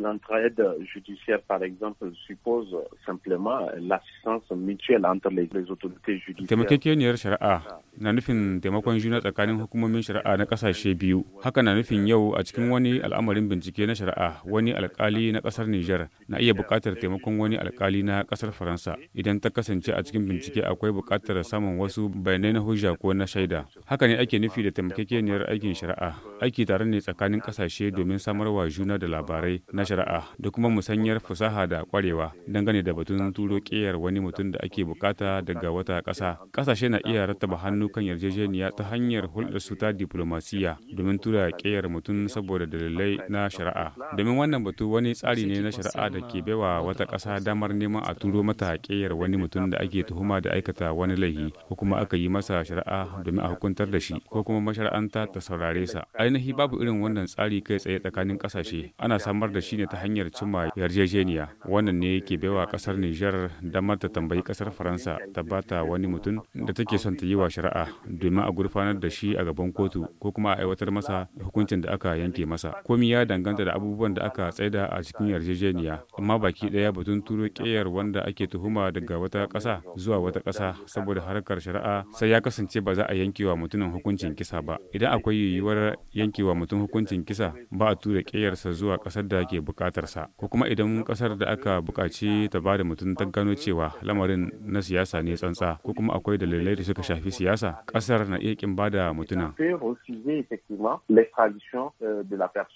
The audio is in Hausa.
L'entraide judiciaire, par exemple, suppose simplement l'assistance mutuelle entre les, autorités judiciaires. na nufin taimakon juna tsakanin hukumomin shari'a na kasashe biyu haka na nufin yau a cikin wani al'amarin bincike na shari'a wani alkali na kasar niger na iya bukatar taimakon wani alkali na kasar Faransa idan ta kasance a cikin bincike akwai bukatar samun wasu bayanai na hujja ko na shaida haka ne ake nufi da taimakekeniyar aikin shari'a aiki tare ne tsakanin kasashe domin samarwa juna da labarai na shari'a da kuma musanyar fasaha da kwarewa dangane da batun turo ƙeyar wani mutum da ake bukata daga wata ƙasa kasashe na iya rattaba hannu hannu yarjejeniya ta hanyar hulɗar su ta diplomasiya domin tura ƙeyar mutum saboda dalilai na shari'a. Domin wannan batu wani tsari ne na shari'a da ke baiwa wata ƙasa damar neman a turo mata ƙeyar wani mutum da ake tuhuma da aikata wani laifi ko kuma aka yi masa shari'a domin a hukuntar da shi ko kuma mashara'anta ta saurare sa. Ainihi babu irin wannan tsari kai tsaye tsakanin ƙasashe ana samar da shi ne ta hanyar cimma yarjejeniya wannan ne ke baiwa ƙasar Nijar damar ta tambayi ƙasar Faransa ta bata wani mutum da take son ta yi wa shari'a shari'a domin a gurfanar da shi a gaban kotu ko kuma a aiwatar masa hukuncin da aka yanke masa komi ya danganta da abubuwan da aka tsaida a cikin yarjejeniya amma baki daya batun turo ƙeyar wanda ake tuhuma daga wata ƙasa zuwa wata ƙasa saboda harkar shari'a sai ya kasance ba za a yanke wa mutumin hukuncin kisa ba idan akwai yiwuwar yankewa mutum hukuncin kisa ba a tura ƙeyarsa zuwa ƙasar da ke buƙatarsa ko kuma idan ƙasar da aka buƙaci ta ba da mutum ta gano cewa lamarin na siyasa ne tsantsa ko kuma akwai dalilai da suka shafi siyasa On peut refuser effectivement l'extradition euh, de la personne.